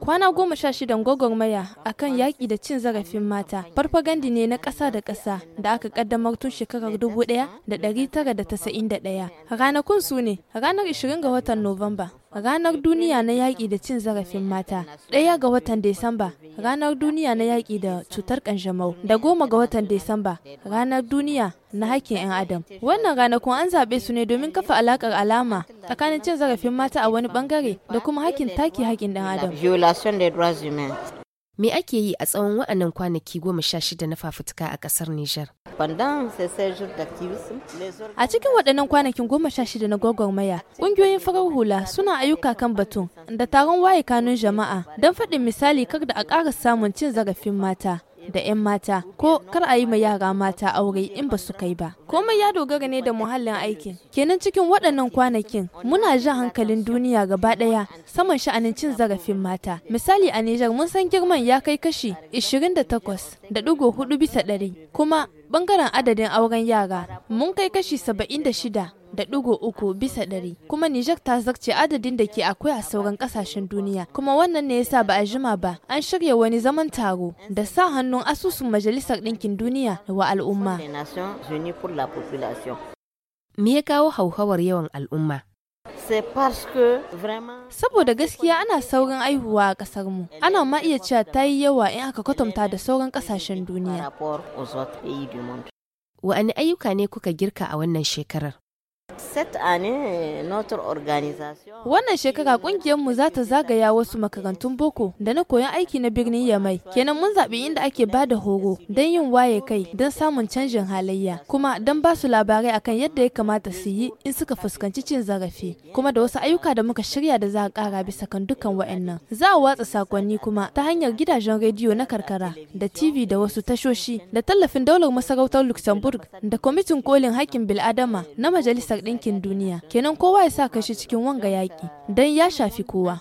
Kwana goma sha shidan gwagwarmaya a kan yaƙi da cin zarafin mata, farfagandi ne na ƙasa da ƙasa da aka ƙaddamar tun shekarar dubu ɗaya da da tasa'in-da-ɗaya ɗari tara Ranakun su ne ranar 20 ga watan Nuwamba Ranar Duniya na Yaƙi da Cin Zarafin Mata, ɗaya ga watan Desamba, Ranar Duniya na Yaƙi da Cutar kanjamau da goma ga watan Desamba, Ranar Duniya na haƙƙin 'yan adam wannan ranakun an zaɓe su ne domin kafa alaƙar alama tsakanin cin zarafin mata a wani ɓangare da kuma haƙƙin take haƙƙin ɗan adam Me ake yi a tsawon wa'annan kwanaki goma sha shida na fafutuka a ƙasar Nijar? A cikin waɗannan kwanakin goma sha shida na gwagwarmaya, ƙungiyoyin farar hula suna ayyuka kan batun da taron waye kanun jama'a don faɗin misali kar da a ƙara samun cin zarafin mata. da 'yan mata ko kar a yi ma yara mata aure in ba su kai ba komai ya dogara ne da muhallin aikin kenan cikin waɗannan kwanakin muna jan hankalin duniya gaba ɗaya saman sha'anin cin zarafin mata misali a Nijar mun san girman ya kai kashi 28.4 bisa ɗari kuma bangaren adadin auren yara mun kai kashi 76 da ɗigo uku bisa ɗari kuma Nijar ta zarce adadin da ke akwai a sauran ƙasashen duniya kuma wannan ne yasa ba a jima ba an shirya wani zaman taro da sa hannun asusun majalisar ɗinkin duniya wa al'umma. Me ya kawo hauhawar yawan al'umma? Saboda gaskiya ana saurin aihuwa a ƙasar mu, ana ma iya cewa ta yi yawa in aka kwatanta da sauran ƙasashen duniya. Wa'ani ayyuka ne kuka girka a wannan shekarar? Wannan shekara mu za ta zagaya wasu makarantun boko da na koyon aiki na birnin Yamai. Kenan mun zaɓi inda ake ba da horo don yin waye kai don samun canjin halayya, kuma don ba su labarai akan yadda ya kamata su yi in suka fuskanci cin zarafi, kuma da wasu ayyuka da muka shirya da za a ƙara bisa kan dukkan wa'annan. Za a watsa sakonni kuma ta hanyar gidajen rediyo na karkara da TV da wasu tashoshi da tallafin daular masarautar Luxembourg da kwamitin kolin hakkin bil'adama na majalisar majalisar ɗinkin duniya kenan kowa ya sa kashi cikin wanga yaƙi don ya shafi kowa.